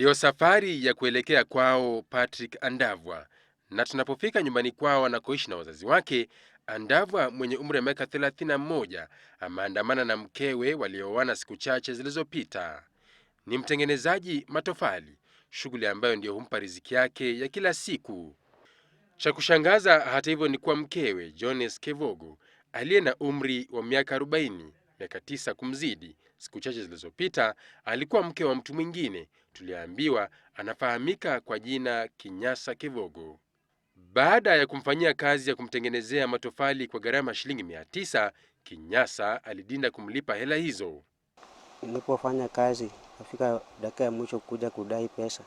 Ndiyo safari ya kuelekea kwao Patrick Andavwa, na tunapofika nyumbani kwao anakoishi na wazazi wake, Andavwa mwenye umri wa miaka 31 ameandamana na mkewe walioana siku chache zilizopita. Ni mtengenezaji matofali, shughuli ambayo ndiyo humpa riziki yake ya kila siku. Cha kushangaza hata hivyo ni kuwa mkewe Jones Kevogo aliye na umri wa miaka 40, miaka 9 kumzidi, siku chache zilizopita alikuwa mke wa mtu mwingine tuliambiwa anafahamika kwa jina Kinyasa Kivogo. Baada ya kumfanyia kazi ya kumtengenezea matofali kwa gharama shilingi mia tisa, Kinyasa alidinda kumlipa hela hizo. Nilipofanya kazi afika dakika ya mwisho kuja kudai pesa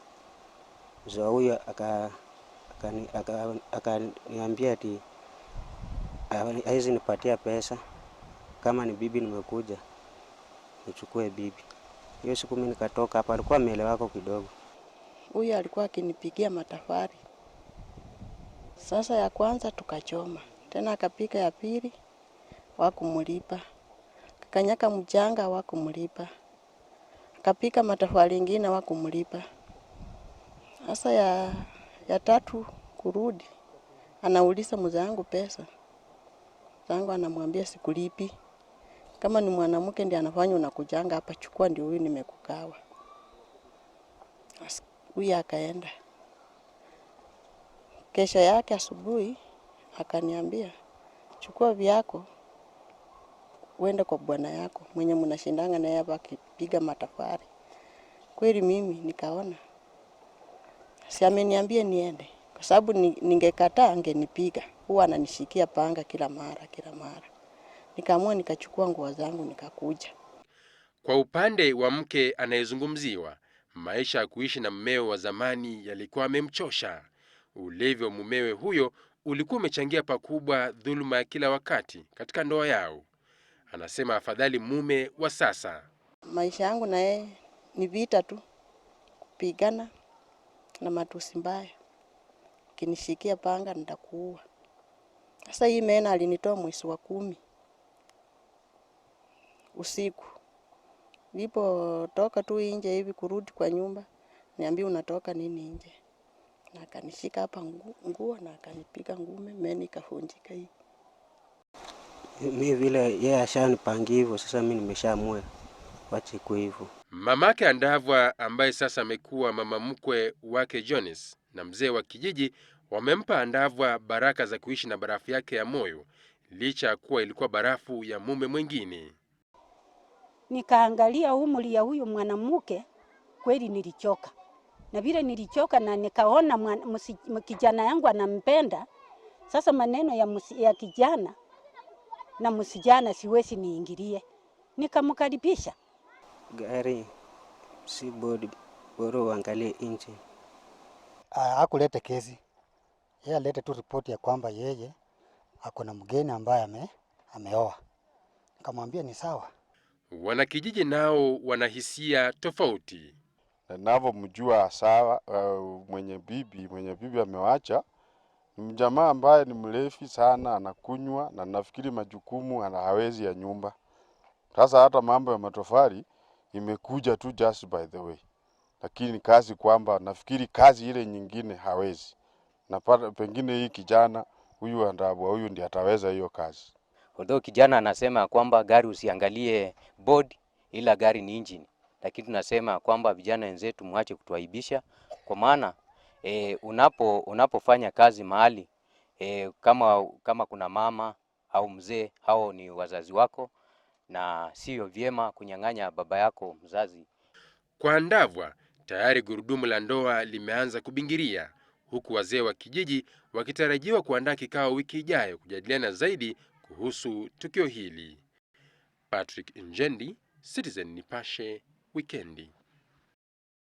za huyo, akaniambia ati hawezi nipatia pesa, kama ni bibi nimekuja nichukue bibi hiyo siku mimi nikatoka hapa, alikuwa mele wako kidogo. Huyu alikuwa akinipigia matafari, sasa ya kwanza tukachoma tena, akapika ya pili, wakumlipa akanyaka mchanga, wakumlipa akapika matafari ingine, wakumlipa sasa ya, ya tatu kurudi, anauliza mzangu pesa zangu, anamwambia sikulipi. Kama ni mwanamke ndiye anafanya unakujanga hapa, chukua ndio huyu nimekugawa. Huyu akaenda. Kesho yake asubuhi akaniambia, chukua vyako uende kwa bwana yako mwenye mnashindanga naye hapa akipiga matafari. Kweli mimi nikaona si ameniambia niende, kwa sababu ningekataa angenipiga. Huwa ananishikia panga kila mara kila mara nikaamua nikachukua nguo zangu nikakuja. Kwa upande wa mke anayezungumziwa, maisha ya kuishi na mmewe wa zamani yalikuwa amemchosha. Ulevi wa mumewe huyo ulikuwa umechangia pakubwa dhuluma ya kila wakati katika ndoa yao. Anasema afadhali mume wa sasa. Maisha yangu na yeye ni vita tu, kupigana na matusi mbaya, ukinishikia panga nitakuua. Sasa hii mena alinitoa mwezi wa kumi usiku. Nilipotoka tu nje hivi kurudi kwa nyumba, niambia unatoka nini nje? Na akanishika hapa nguo na akanipiga ngume, meni ikavunjika hii. Mi vile yeye yeah, ashanipangia hivyo sasa, mi nimeshaamua wache iko hivyo. Mamake Andavwa ambaye sasa amekuwa mama mkwe wake Jones na mzee wa kijiji wamempa Andavwa baraka za kuishi na barafu yake ya moyo licha ya kuwa ilikuwa barafu ya mume mwingine nikaangalia umri ya huyu mwanamke, kweli nilichoka. Na vile nilichoka na nikaona kijana yangu anampenda. Sasa maneno ya, musi, ya kijana na msijana siwezi niingilie, nikamkaribisha. Gari si bodi, bora uangalie injini. akulete kesi yeye, alete tu ripoti ya kwamba yeye ako na mgeni ambaye ameoa. Nikamwambia ni sawa. Wanakijiji nao wanahisia tofauti. Ninavyomjua sawa, uh, mwenye bibi mwenye bibi amewacha ni mjamaa ambaye ni mrefu sana, anakunywa na nafikiri majukumu ana hawezi ya nyumba. Sasa hata mambo ya matofali imekuja tu just by the way, lakini kazi kwamba nafikiri kazi ile nyingine hawezi, na pengine hii kijana huyu andabwa huyu ndiye ataweza hiyo kazi. Although kijana anasema kwamba gari usiangalie board, ila gari ni engine, lakini tunasema kwamba vijana wenzetu mwache kutuaibisha, kwa maana e, unapo unapofanya kazi mahali e, kama, kama kuna mama au mzee, hao ni wazazi wako na siyo vyema kunyang'anya baba yako mzazi. Kwa Ndavwa tayari gurudumu la ndoa limeanza kubingiria, huku wazee wa kijiji wakitarajiwa kuandaa kikao wiki ijayo kujadiliana zaidi kuhusu tukio hili. Patrick Njendi, Citizen Nipashe, wikendi.